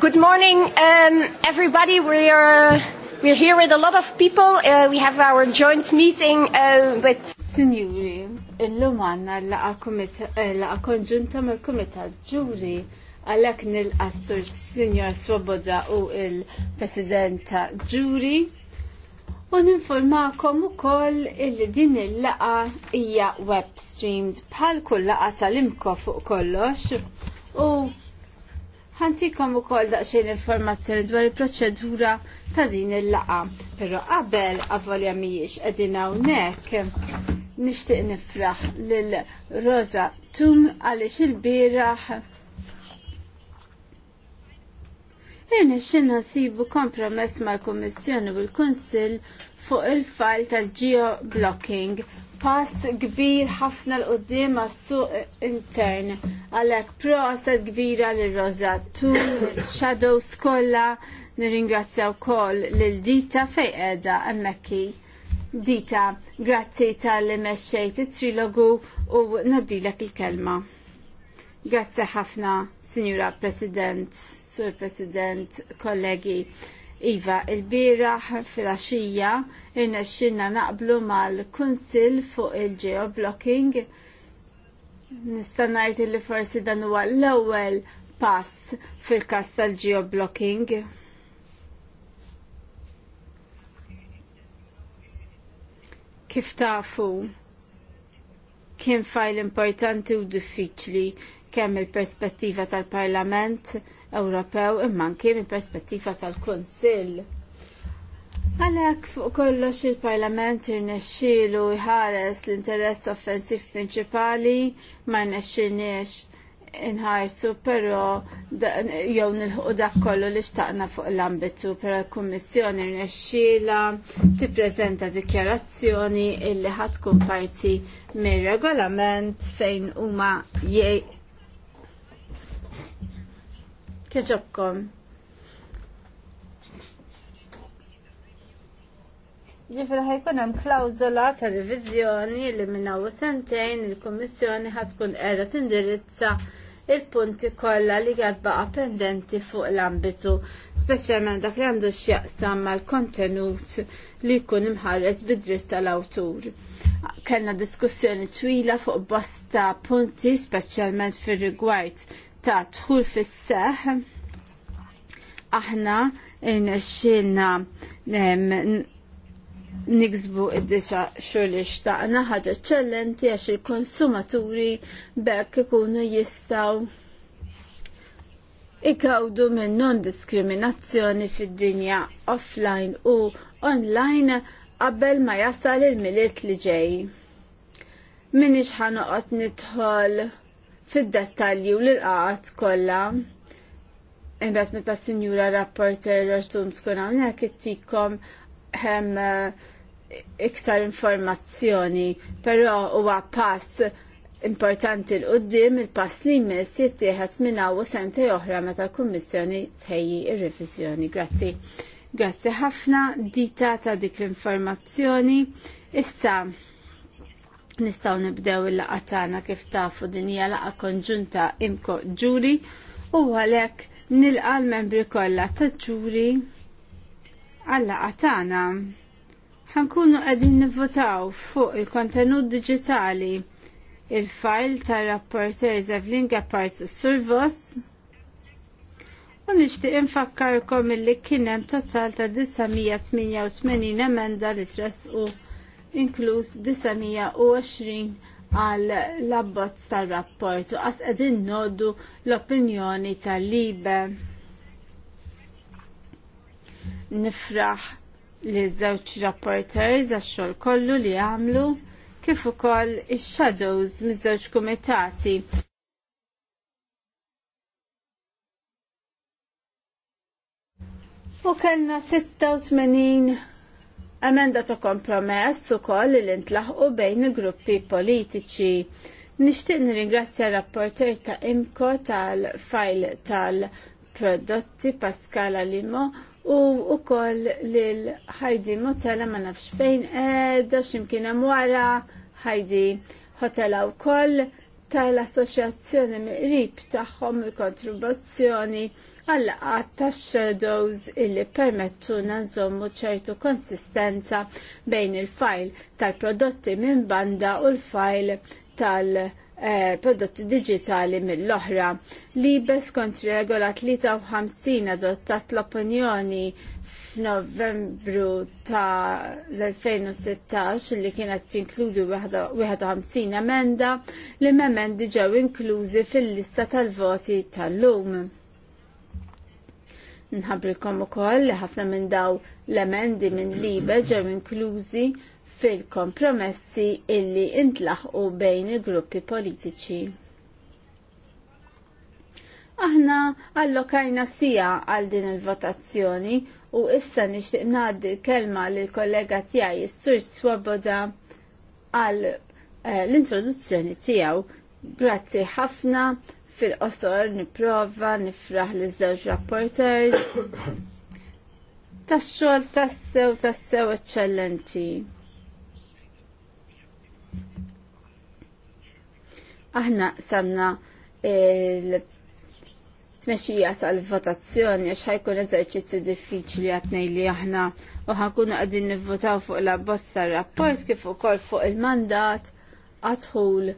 Good morning, um, everybody. We are we're here with a lot of people. Uh, we have our joint meeting uh, with. Signori, illum għanna laqa eh, konġunta mal kumita ġuri għalek nil-qassur Signor Swoboda u il-Presidenta ġuri. U ninformakom ukoll illi din il-laqa hija web streamed bħal kull laqa tal-imko fuq kollox u ħantikom u kol daqxin informazzjoni dwar il-proċedura ta' din il-laqa. Pero qabel għavolja mijiex għedina unnek nishtiq nifraħ lil-Rosa Tum għalix il-biraħ Jena xena sibu kompromess mal komissjoni u l-Konsil fuq il-fall tal-geoblocking pass kbir ħafna l-qoddim għas-suq intern Għalek proqset kbira l tu, l-Shadows kolla, nirringrazzjaw kol l-Dita fejqeda emmekki. Dita, grazzi tal-li meċċejt it-trilogu u naddilek il-kelma. Grazzi ħafna, Signora President, Sur President, kollegi. Iva, il-biraħ fil-axija irnexxinna naqblu mal-Kunsil fuq il-geoblocking Nista' ngħid li forsi dan huwa l-ewwel pass fil-każ tal-geoblocking. Kif tafu kien fajl importanti u diffiċli kemm il-perspettiva tal-Parlament Ewropew imma anke mill-perspettiva tal-Kunsill. Għalek fuq kollox il-Parlament irnexxielu jħares l-interess offensiv prinċipali ma rnexxilniex inħarsu però jew nilħu dak kollu li xtaqna fuq l-ambitu però l-Kummissjoni rnexxiela tippreżenta dikjarazzjoni illi ħadd tkun parti mir-regolament fejn huma jgħid. Keġobkom Ġifra ħajkun hemm klawżola ta' riviżjoni li minnaw sentejn il-Kummissjoni ħatkun qiegħda tindirizza il-punti kollha li qed baqa' pendenti fuq l-ambitu, speċjalment dak li għandu x'jaqsam mal-kontenut li jkun imħarres bid-dritt tal-awtur. Kellna diskussjoni twila fuq bosta punti speċjalment fir-rigward ta' dħul fis-seħ. Aħna irnexxielna niksbu id-diċa xurli xtaqna ħaġa ċellenti għax il-konsumaturi bekk ikunu jistaw ikawdu minn non-diskriminazzjoni fid-dinja offline u online qabel ma jasal il-miliet li ġej. Minix ħanoqot nidħol fid-dettalji u l-irqaqat kollha. Imbagħad meta sinjura rapporter raġdum tkun hawnhekk ittikom hemm eh, iktar informazzjoni, però huwa pass importanti l-qoddim il-pass li jmiss jittieħed minna u sente oħra meta l-Kummissjoni tħejji ir-reviżjoni. Grazzi. Grazzi ħafna dita ta' dik l-informazzjoni. Issa nistgħu nibdew il-laqgħa tagħna kif tafu din hija laqgħa konġunta imko ġuri u għalhekk nilqa' l-membri kollha ta' ġuri għalla għatana ħankunu għedin nivvotaw fuq il-kontenut digitali il-fajl tal-rapporter Zevlin Gappart Survos u nishtiq infakkarkom il-li kienem total ta' 988 emenda li u inkluż 920 għal l-abbozz tal-rapport u għas għedin noddu l-opinjoni tal-libe nifraħ li żewġ rapporters għax-xogħol kollu li għamlu kif ukoll ix-shadows miż-żewġ kumitati. U kellna 86 emenda ta' kompromess ukoll li ntlaħqu bejn il-gruppi politiċi. Nixtieq nirringrazzja rapporter ta' Imko tal-fajl tal-prodotti Pascal Limo u koll lil Heidi motela ma nafx fejn edda, x'imkien hemm wara Heidi Hotela wkoll tal-assoċjazzjoni miqrib tagħhom il-kontribuzzjoni għall qatt tax-shadows illi permettuna nżommu ċertu konsistenza bejn il-fajl tal-prodotti minn banda u l-fajl tal-prodotti Eh, prodotti digitali mill-oħra. Libes kont regola 53 adottat l-opinjoni f'Novembru ta' l-2016 li kienet tinkludi 51 emenda li memendi ġew inklużi fil-lista tal-voti tal-lum u ukoll li ħafna minn daw l-emendi minn libe ġew inklużi fil-kompromessi illi intlaħqu bejn il-gruppi politiċi. Aħna allokajna sija għal din il-votazzjoni u issa nixtieq ngħaddi kelma lill kollega tiegħi s-sur Swoboda għal eh, l-introduzzjoni tiegħu. Grazzi ħafna fil-qosor niprova nifraħ li żewġ rapporters tax-xogħol tassew tassew eċċellenti. Aħna samna il- tmexxija tal-votazzjoni għax ħajkun eżerċizzju diffiċli għatnej li aħna u ħankunu għadin nivvotaw fuq la bozza rapport kif ukoll fuq il-mandat għadħul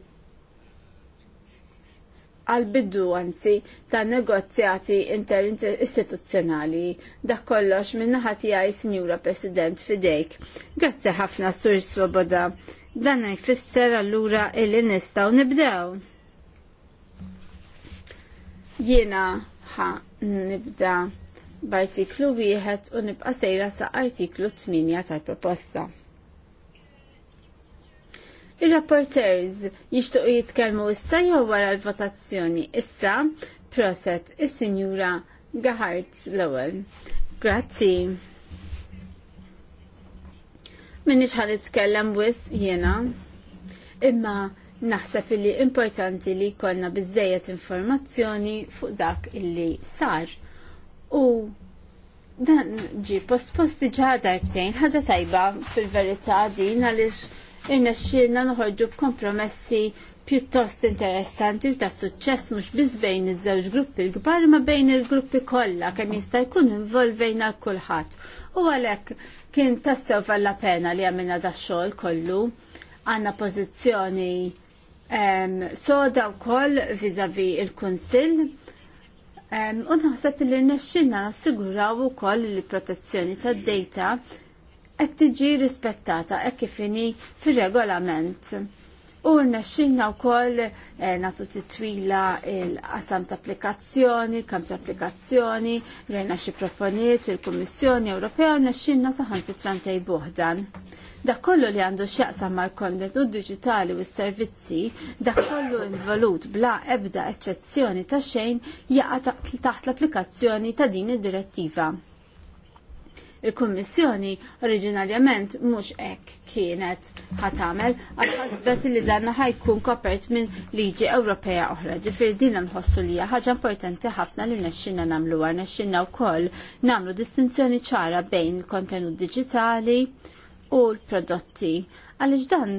għal-biddu għanzi ta' negozjati interinstituzzjonali Dak kollox minnaħa tiegħi Sinjura President fidejk. Grazzi ħafna Sur Swoboda. Dan jfisser allura illi nistgħu nibdew. Jiena ħa nibda b'artiklu wieħed u nibqa' sejra sa' artiklu 8 tal-proposta. Il-rapporters jixtuq jitkellmu issa jew wara l-votazzjoni. Issa, proset, is-Sinjura Gahart l-ewwel. Grazzi. Minix ħad itkellem wis jiena. Imma naħseb illi importanti li jkollna biżejjed informazzjoni fuq dak illi sar. U dan ġi post post diġa darbtejn ħaġa tajba fil-verità din għaliex irnexxielna nħoġu b'kompromessi pjuttost interessanti u ta' suċċess mhux biss bejn iż-żewġ gruppi l gbar ma bejn il-gruppi kollha kemm jista' jkun involvejna kulħadd. U għalhekk kien tassew falla pena li għamilna da' xogħol kollu għandna pożizzjoni ehm, soda wkoll viżavi il-Kunsill ehm, U naħseb li l-nexxilna nassiguraw ukoll li protezzjoni tad dejta qed tiġi rispettata hekk kif inhi fir-regolament. U rnexxinna wkoll eh, nagħtu titwila l qasam ta' applikazzjoni, l-kamp ta' applikazzjoni, rejna xi proponiet il-Kummissjoni Ewropea u rnexxinna saħansi trantej boħdan. Dak kollu li għandu x'jaqsam mal-kontenut diġitali u s-servizzi, dak kollu involut bla ebda eċċezzjoni ta' xejn jaqa' taħt l-applikazzjoni ta' din id-direttiva. Il-Kummissjoni oriġinarjament mhux hekk kienet ħatamel għal ħasbet li danna ħajkun kopert minn liġi Ewropea oħra. Ġifieri din nħossu li hija ħaġa importanti ħafna li nexxinna nagħmluha nexxinna wkoll nagħmlu distinzjoni ċara bejn il-kontenut diġitali u l-prodotti. Għaliex dan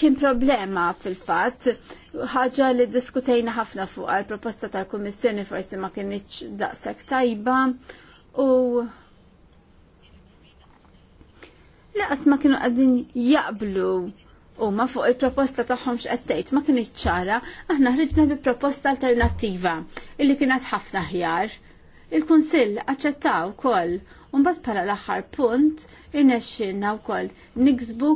kien problema fil-fat, ħaġa li diskutejna ħafna fuq għal proposta tal-Kommissjoni forsi ma kienieċ daqshekk tajba u laqas ma kienu għadin jaqblu u ma fuq il-proposta taħħom xqattajt ma kienu ċara, aħna ħriġna bi proposta alternativa illi kienet ħafna ħjar. Il-Kunsill aċċettaw kol bas pala l-axar punt, irnexxinna wkoll niksbu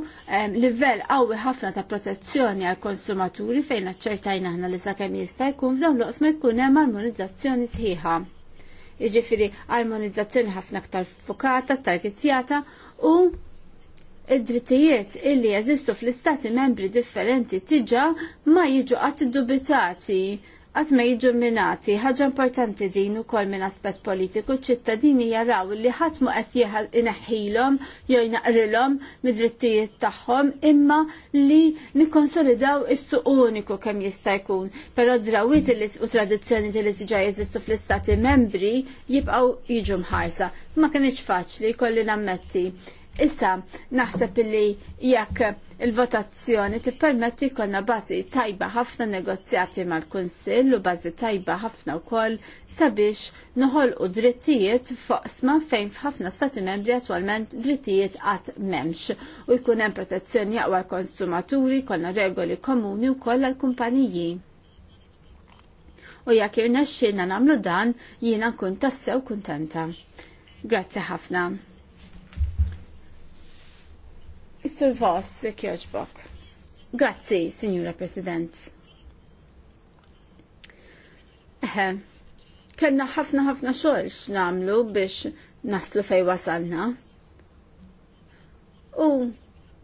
livell qawwi ħafna ta' protezzjoni għal konsumaturi fejn aċċertajna aħna li sakemm jista' jkun f'dawn l ma jkun hemm armonizzazzjoni sħiħa. Jiġifieri armonizzazzjoni ħafna aktar fukata, targetjata u id-drittijiet illi jeżistu fl-istati membri differenti tiġa ma jiġu għat dubitati għat ma jiġu minati ħaġa importanti din u kol minn aspet politiku ċittadini jaraw li ħat mu qed jieħal inaħħilom jew jnaqrilhom mid-drittijiet tagħhom imma li nikonsolidaw is-suq uniku kemm jista' jkun. Però drawit u tradizzjoni li siġa jeżistu fl-istati membri jibqgħu jiġu mħarsa. Ma kienx faċli kolli nammetti Issa, naħseb illi jekk il-votazzjoni tippermetti jkollna bażi tajba ħafna negozjati mal-Kunsill u bażi tajba ħafna wkoll sabiex noħolqu drittijiet foqsma fejn f'ħafna stati membri attwalment drittijiet qatt m'hemmx u jkun hemm protezzjoni jaqwa konsumaturi konna regoli komuni wkoll għall-kumpaniji. U jekk irnexxielna nagħmlu dan, jiena nkun tassew kuntenta. Grazzi ħafna. Is-Sur Voss, jogħġbok. Grazzi, Signora President. Eħe, kellna ħafna ħafna xogħol namlu biex naslu fej wasalna. U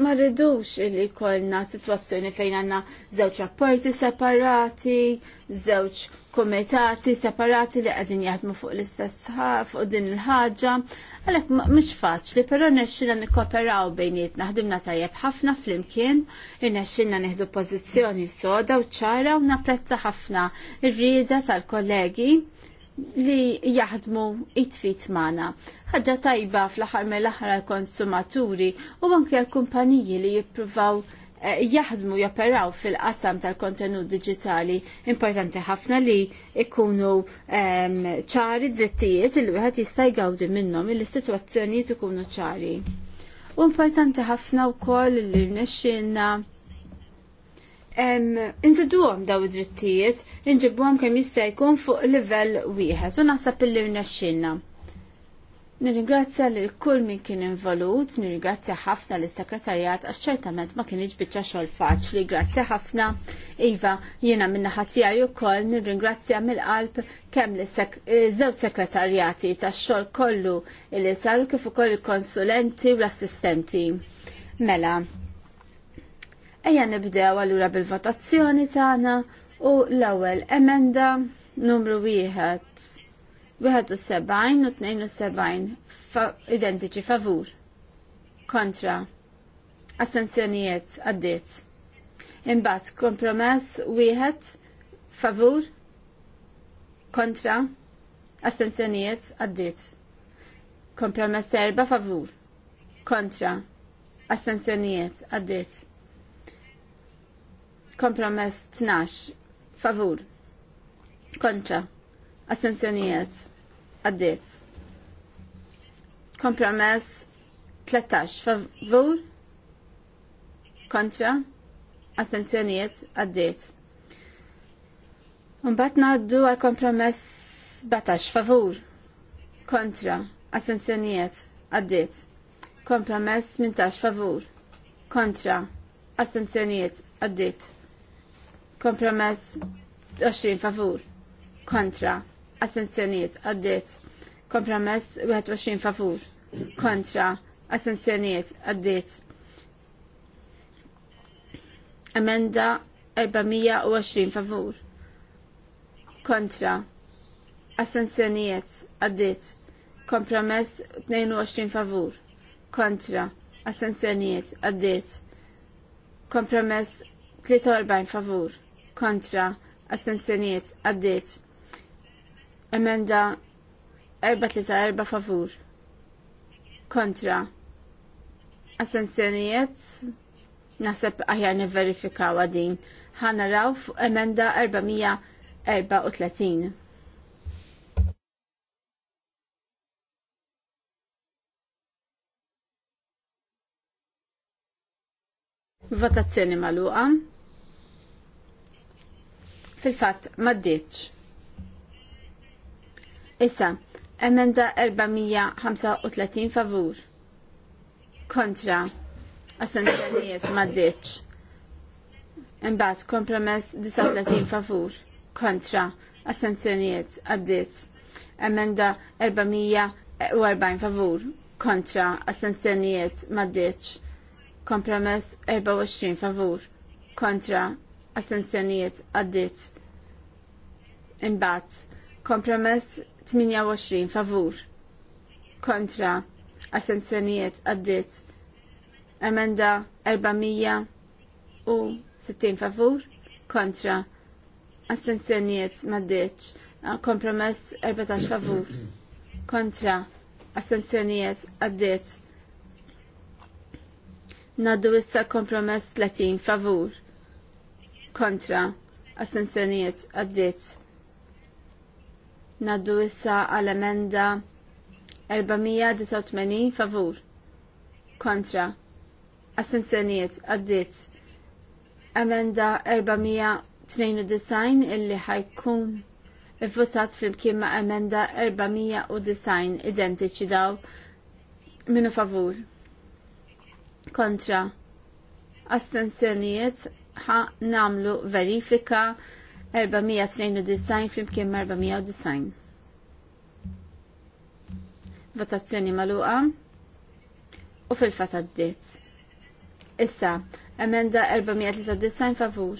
ma rridux li kolna situazzjoni fejn għanna żewġ rapporti separati, żewġ komitati separati li qegħdin jaħdmu fuq l-istess fuq din il-ħaġa. Għalhekk mhux faċli, però nexxilna nikkoperaw bejnietna ħdimna tajjeb ħafna flimkien, irnexxilna nieħdu pożizzjoni soda u ċara u napprezza ħafna ir rieda tal-kollegi li jaħdmu it fit magħna ħaġa tajba fl-aħħar mill-aħħar għall-konsumaturi u anke għal kumpaniji li jippruvaw eh, jaħdmu japperaw fil-qasam tal-kontenut digitali importanti ħafna li ikunu ehm, ċari drittijiet il wieħed jista' jgawdi minnhom il-sitwazzjonijiet ikunu ċari. U importanti ħafna wkoll li rnexxinna ehm, Inżidu għom daw id-drittijiet, inġibu għom kem jista' jkun fuq livell wieħed u naħseb illi rnexxinna. Nirringrazzja li kull min kien involut, nirringrazzja ħafna l sekretarjat għax ċertament ma kienx biċċa xogħol faċli. Grazzi ħafna Iva, jiena minna ħatija wkoll, nirringrazzja mill-qalb kemm iż-żewġ eh, sekretarjati tax-xogħol kollu li saru kif ukoll il-konsulenti u l-assistenti. Mela, ejja nibdew allura bil-votazzjoni tagħna u l-ewwel emenda numru wieħed 71 u 72 identiċi favur kontra astenzjonijiet għaddiet. Imbagħad kompromess wieħed favur kontra astenzjonijiet għaddiet. Kompromess erba favur kontra astenzjonijiet għaddiet. Kompromess 12 favur kontra Astenzjonijiet għaddiet. Kompromess 13 favur kontra assenzjonijiet għaddiet. Unbat ngħaddu għal kompromess 17 favur kontra assenzjonijiet għaddiet. Kompromess 18 favur kontra assenzjonijiet għaddiet. Kompromess 20 favur kontra astensjoniet għaddiet kompromess 21 favur kontra astensjoniet għaddiet emenda 420 favur kontra astensjoniet għaddiet kompromess 22 favur kontra astensjoniet għaddiet kompromess 43 favur kontra astensjoniet għaddiet. Emenda 4 favur. Kontra. Assenzjonijiet naħseb aħjar niverifikaw għadin. Ħanaraw fuq emenda 434. Votazzjoni maluqa. Fil-fatt, maddiċ. Issa, emenda 435 favur. Kontra. Assenzjonijiet maddiċ. Imbat, kompromess 39 favur. Kontra. Assenzjonijiet għaddit. Emenda 440 favur. Kontra. Assenzjonijiet maddiċ. Kompromess 24 favur. Kontra. Assenzjonijiet għaddit. Imbat, kompromess 28 favur kontra assenzjonijiet għaddit emenda 460 favur kontra assenzjonijiet maddeċ kompromess 14 favur kontra assenzjonijiet għaddit Naddu issa kompromess 30 favur kontra assenzjonijiet għaddit Naddu issa għal-emenda 489 favur. Kontra. Astenzjonijiet għaddit. Emenda 492 illi ħajkun votat fil-kimma ma' emenda 490 identiċi daw minu favur. Kontra. Astenzjonijiet ħa namlu verifika 492 flimkien ma' 490. Votazzjoni maluqa u fil-fat Issa, emenda 493 favur.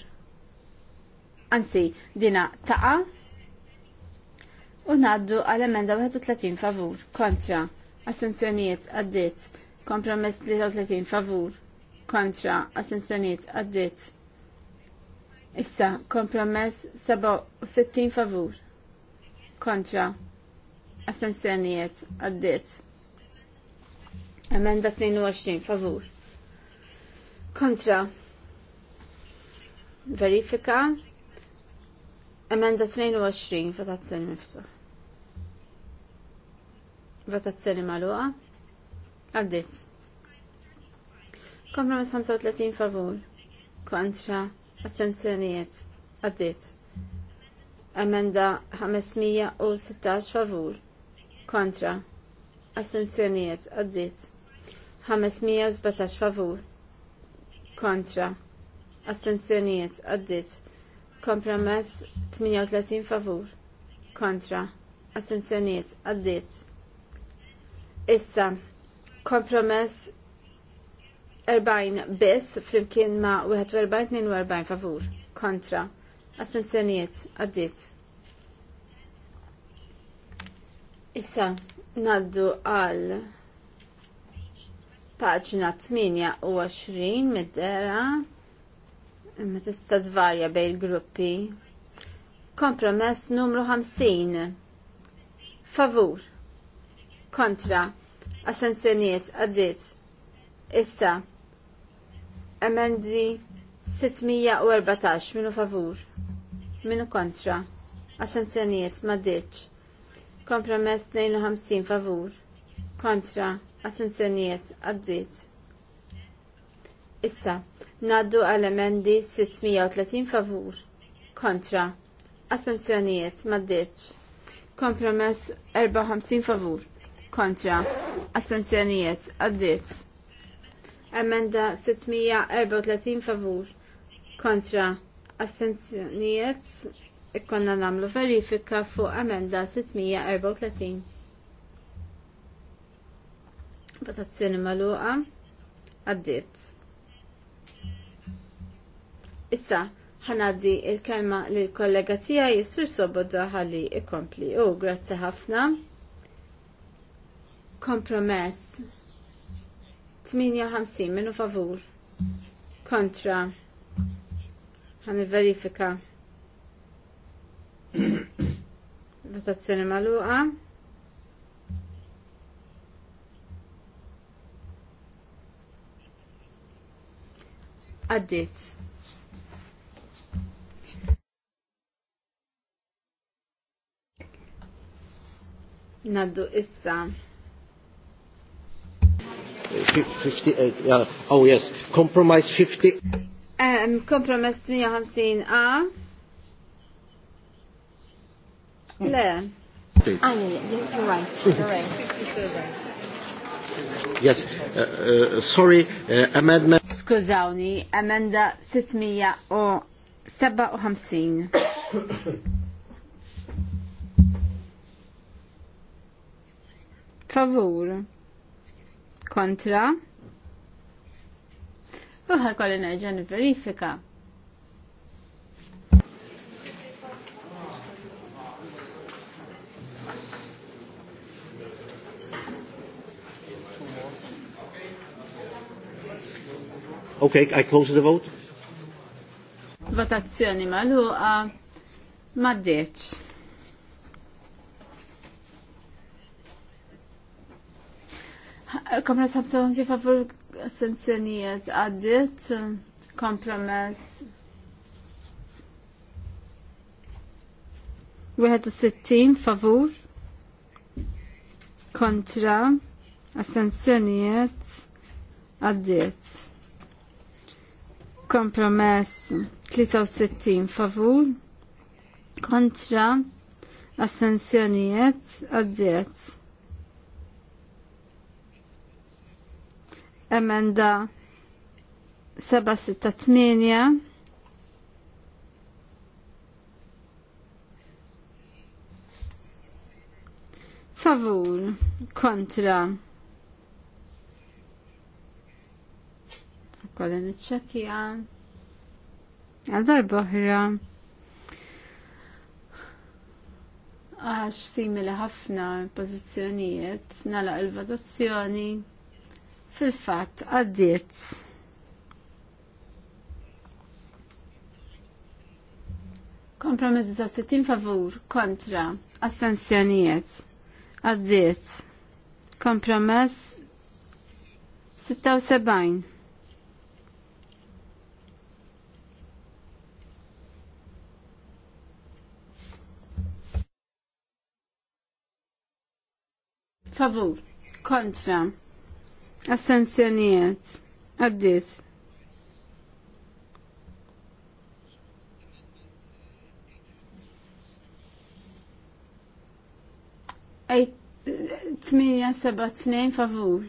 Anzi, dina taqa u naddu għal emenda 31 favur. Kontra, assenzjonijiet għaddiet. Kompromess 33 favur. Kontra, assenzjonijiet għaddiet. Issa, kompromess 67 favur. Kontra. Astensjonijiet għaddiet. Emenda 22 favur. Kontra. Verifika. Emenda 22 votazzjoni miftuħ. Votazzjoni maluqa. Għaddiet. Kompromess 35 favur. Kontra Astenzjonijiet. Għaddit. Emenda 516 favur. Kontra. Astenzjonijiet. Għaddit. 517 favur. Kontra. Astenzjonijiet. Għaddit. Kompromess 38 favur. Kontra. Astenzjonijiet. Għaddit. Issa. Kompromess 40 biss flimkien ma' 41-42 favur kontra astenzjonijiet għaddit. Issa naddu għal paġna 28 mid-dera imma tista' tvarja bejn il-gruppi. Kompromess numru 50. Favur. Kontra. Assenzjoniet għaddit. Issa emendi 614 minu favur minu kontra assenzjonijiet maddiċ kompromess 52 favur kontra assenzjonijiet għaddit Issa, naddu għal-emendi 630 favur, kontra, astenzjonijiet maddeċ, kompromess 54 favur, kontra, astenzjonijiet għaddeċ. Emenda 634 favur kontra astenzjoniet ikkonna namlu verifika fuq emenda 634. Votazzjoni maluqa għaddiet. Issa, ħanaddi il-kelma l-kollega tija jissur soboda ħalli ikompli. U, grazzi ħafna. Kompromess 58 minu favur kontra ħan verifika votazzjoni maluqa għaddit Naddu issa 58, eh, yeah, oh yes, compromise 50. Um, compromise 58 a. Le. Ah, yeah, yeah, you're right, you're right. yes, uh, uh, sorry, uh, amendment. Skużawni, amenda 657. Favur kontra. Uħal kolli nerġa' verifika. Okay, I close the vote. Votazzjoni maluqa ma' maddeċ. Kompromess 55 favur sanzjonijiet għaddit. Kompromess u sittin, favur kontra assenzjonijiet għaddiet. Kompromess 63 favur kontra sanzjonijiet għaddiet. emenda 768 favur kontra kolla Għal darba boħra għax simili ħafna pozizjonijiet nalaq il-votazzjoni fil-fatt għaddiet. Kompromis 60 favur kontra astensjonijiet għaddiet. Kompromess 76. Favur kontra Assenzjonijiet. Għaddis. Tminja seba tnejn favur.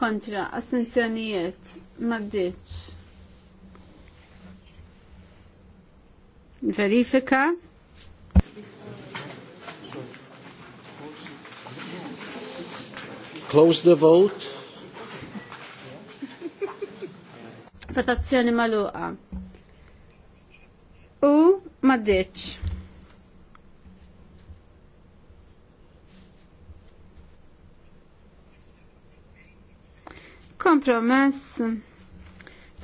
Kontra assenzjonijiet. Maddiċ. Verifika. Close the vote. Votazzjoni maluqa. U maddiċ. Kompromess.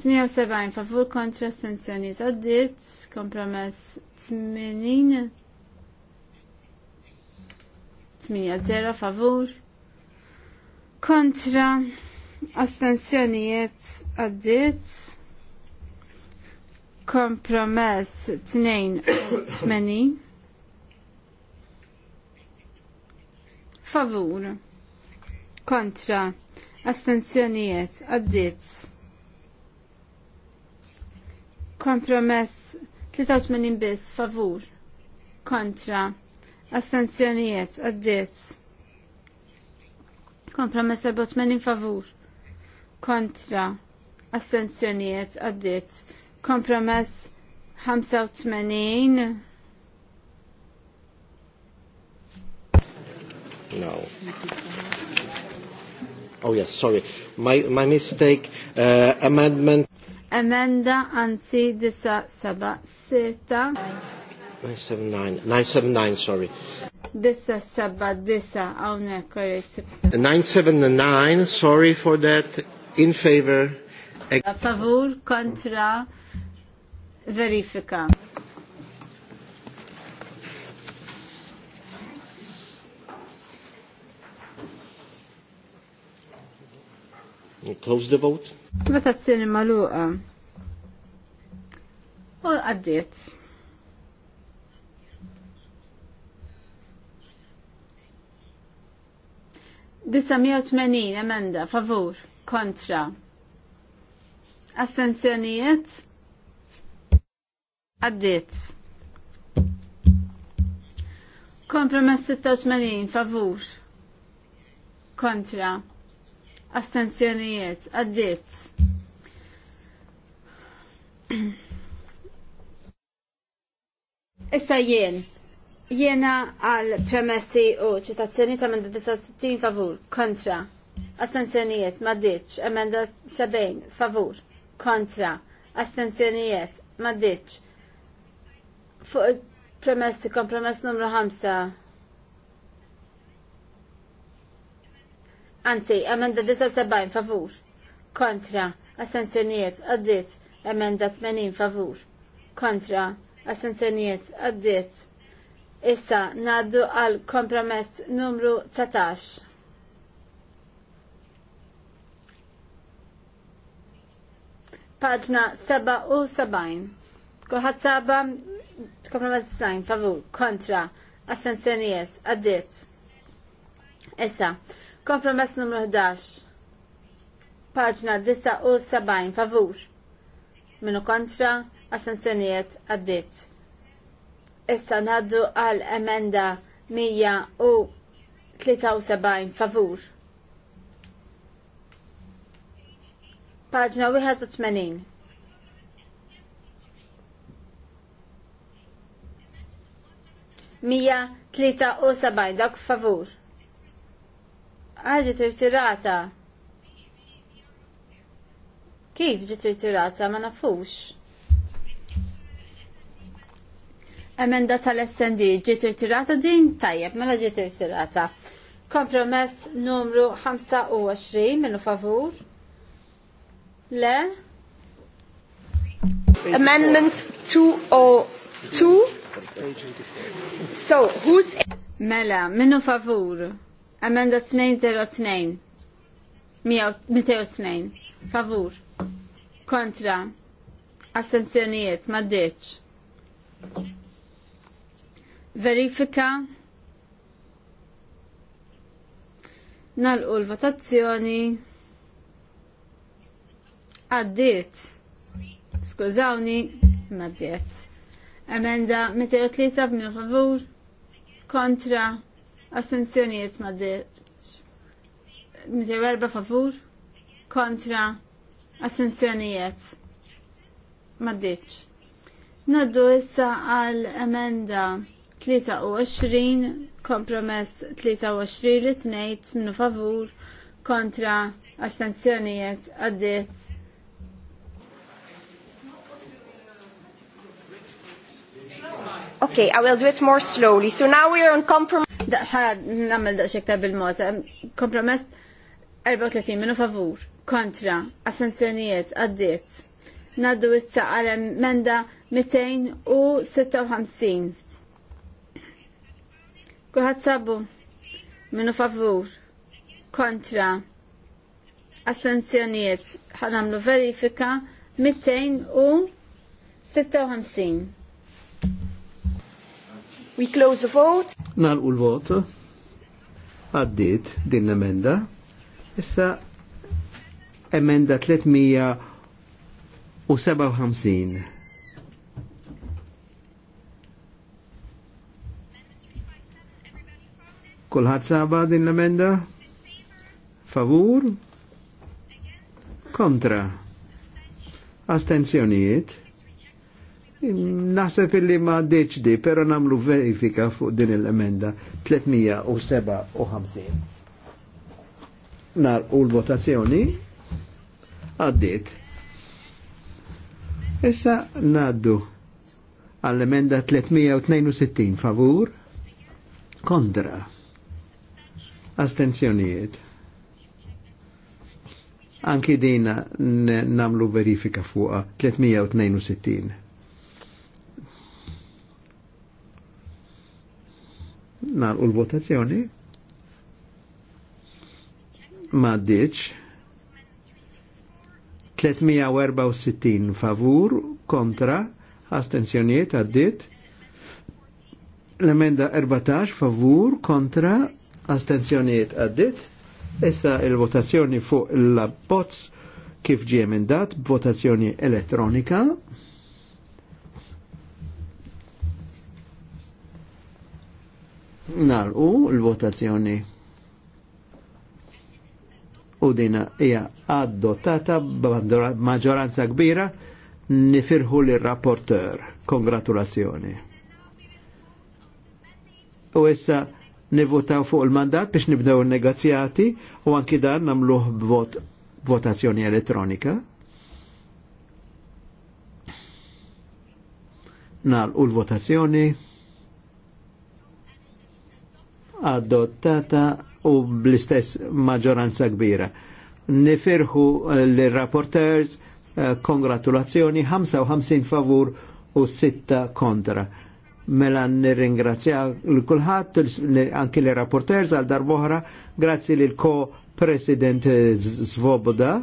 78 favur kontra astensjoni għaddit, kompromess 80 8-0 favur kontra astensjonijiet għaddit kompromess 82 favur kontra astensjonijiet għaddit kompromess 83 bis favur kontra astensjonijiet għaddit Kompromess 84 favur. Kontra. Astenzjoniet għaddit. Kompromess 85. No. Oh yes, sorry. My, my mistake. Uh, amendment. Amenda għansi disa saba seta. 979, 979, sorry. Dissa sabba dissa għawnek korret 979, sorry for that, in favor. A favor, kontra verifika. Close the vote. Meta t-sini maluqa. U għaddiet. 980 emenda favur kontra astenzjonijiet għaddiet. Kompromess 86 favur kontra astenzjonijiet għaddiet. Issa jien Jena għal premessi u ċitazzjoni ta' emenda 69 favur kontra. Astenzjonijiet maddiċ emenda 70 favur kontra. Astenzjonijiet maddiċ. Fuq il-premessi kompromess numru 5. Anzi, emenda 79 favur kontra. Astenzjonijiet għaddit emenda 80 favur kontra. Astenzjonijiet għaddit Issa naddu għal kompromess numru 19. Paġna 77. Kulħadd saba kompromess design favur kontra assenzjonijiet għaddiet. Issa, kompromess numru 11. Paġna 79 favur. Minu kontra assenzjonijiet għaddiet. Issa naddu għal emenda 173 favur. Paġna 81. Mija tlita u sabaj, dak favur. Għadġi t-tirata. Kif ġi tirata ma nafux. Emenda tal-SND ġiet irtirata din tajjeb, mela ġiet irtirata. Kompromess numru 25 minnu favur. Le. Amendment 202. So, who's... Mela, minnu favur. Amenda 202. 202. Favur. Kontra. Astenzjonijiet, maddeċ verifika nalqu l-votazzjoni għaddiet skużawni maddiet emenda 203 b'mil favur kontra astenzjonijiet maddiet bdiet 204 favur kontra astenzjonijiet maddiet Naddu issa għal emenda 23 kompromess 23 li tnejt minu favur kontra astenzjonijiet għaddit. Okay, I will do it more slowly. So now we are on compromise. Daħħad namel daċċek ta' bil moza Kompromess 34 minu favur. Kontra. Assenzjonijiet. Għaddiet. Naddu issa għal emenda 256. Kuħat sabu. Minu favur. Kontra. astenzjoniet Ħanamlu verifika. 256. We close the vote. Nalqu l-vot. Għaddit din l-emenda. Issa emenda 357. Kulħadd saba din l-emenda? Favur? Kontra? Astenzjonijiet? Naħseb illi ma deċdi, pero namlu verifika fuq din l-emenda 357. Nar u l-votazzjoni għaddit. Issa naddu għall-emenda 362 favur kontra astenzjonijiet. Anki dina namlu verifika fuqa 362. u l-votazzjoni. Ma ddiċ. 364 favur kontra astenzjoniet għaddit l-emenda 14 favur kontra astenzjoniet għaddit, issa il-votazzjoni fuq il abbozz kif ġie emendat votazzjoni elettronika. Narqu l-votazzjoni u dina hija adottata ad maġoranza kbira nifirħu l-rapporteur. Kongratulazzjoni. U issa nivvotaw fuq il-mandat biex nibdew il-negozjati u anki dan namluħ b'vot votazzjoni elettronika. u l-votazzjoni adottata u bl-istess maġoranza kbira. Nifirħu l-rapporters, eh, kongratulazzjoni, 55 favur u 6 kontra mela nirringrazzja l-kulħadd, anki l-rapporters għal darboħra, grazzi l ko-president Svoboda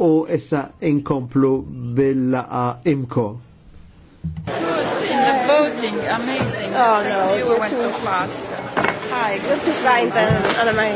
u issa inkomplu bil-laqa imko. voting, amazing. Oh, no, you went so fast. Hi, good to sign an amazing.